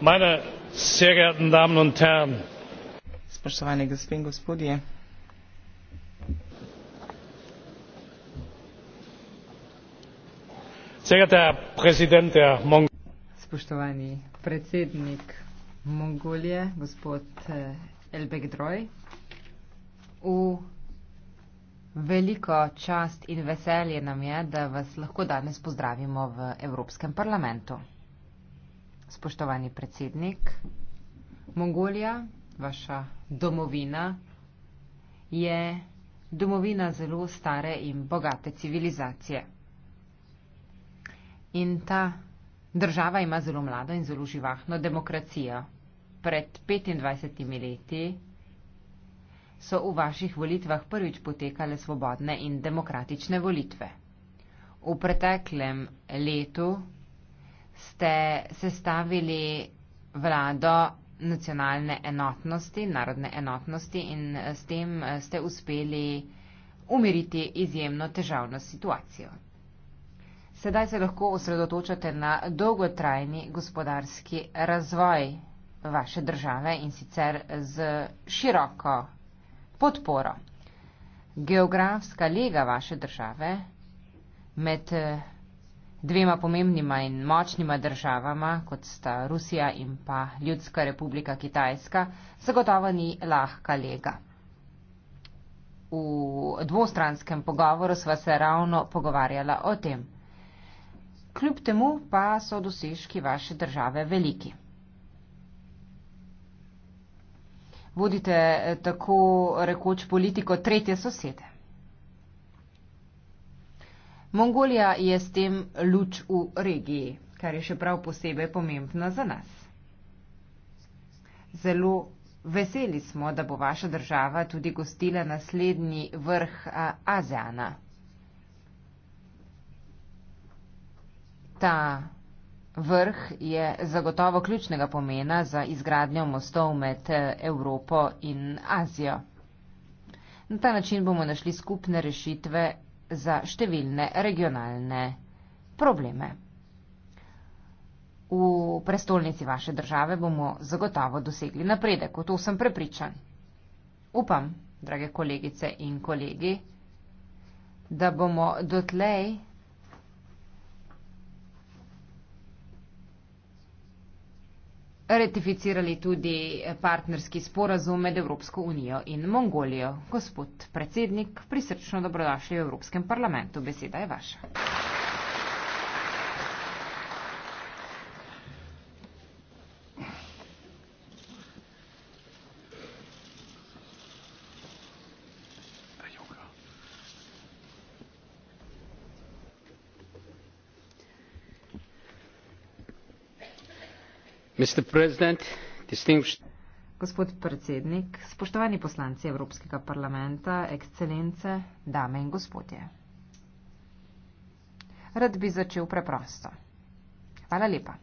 meine sehr geehrten damen und herren sehr geehrter herr präsident der mongolei Mongolije, gospod eh, Elbek Droj. V veliko čast in veselje nam je, da vas lahko danes pozdravimo v Evropskem parlamentu. Spoštovani predsednik, Mongolija, vaša domovina, je domovina zelo stare in bogate civilizacije. In ta država ima zelo mlado in zelo živahno demokracijo pred 25 leti so v vaših volitvah prvič potekale svobodne in demokratične volitve. V preteklem letu ste sestavili vlado nacionalne enotnosti, narodne enotnosti in s tem ste uspeli umiriti izjemno težavno situacijo. Sedaj se lahko osredotočate na dolgotrajni gospodarski razvoj vaše države in sicer z široko podporo. Geografska lega vaše države med eh, dvema pomembnima in močnima državama, kot sta Rusija in pa Ljudska republika Kitajska, zagotovo ni lahka lega. V dvostranskem pogovoru sva se ravno pogovarjala o tem. Kljub temu pa so dosežki vaše države veliki. vodite eh, tako rekoč politiko tretje sosede. Mongolija je s tem luč v regiji, kar je še prav posebej pomembno za nas. Zelo veseli smo, da bo vaša država tudi gostila naslednji vrh ASEANA. Ta Vrh je zagotovo ključnega pomena za izgradnjo mostov med eh, Evropo in Azijo. Na ta način bomo našli skupne rešitve za številne regionalne probleme. V prestolnici vaše države bomo zagotovo dosegli napredek, o to sem prepričan. Upam, drage kolegice in kolegi, da bomo dotlej ratificirali tudi partnerski sporazum med Evropsko unijo in Mongolijo. Gospod predsednik, prisrčno dobrodošli v Evropskem parlamentu. Beseda je vaša. gospod predsednik spoštovani poslanci evropskega parlamenta ekscelence dame in gospodje rad bi začel preprosto hvala lepa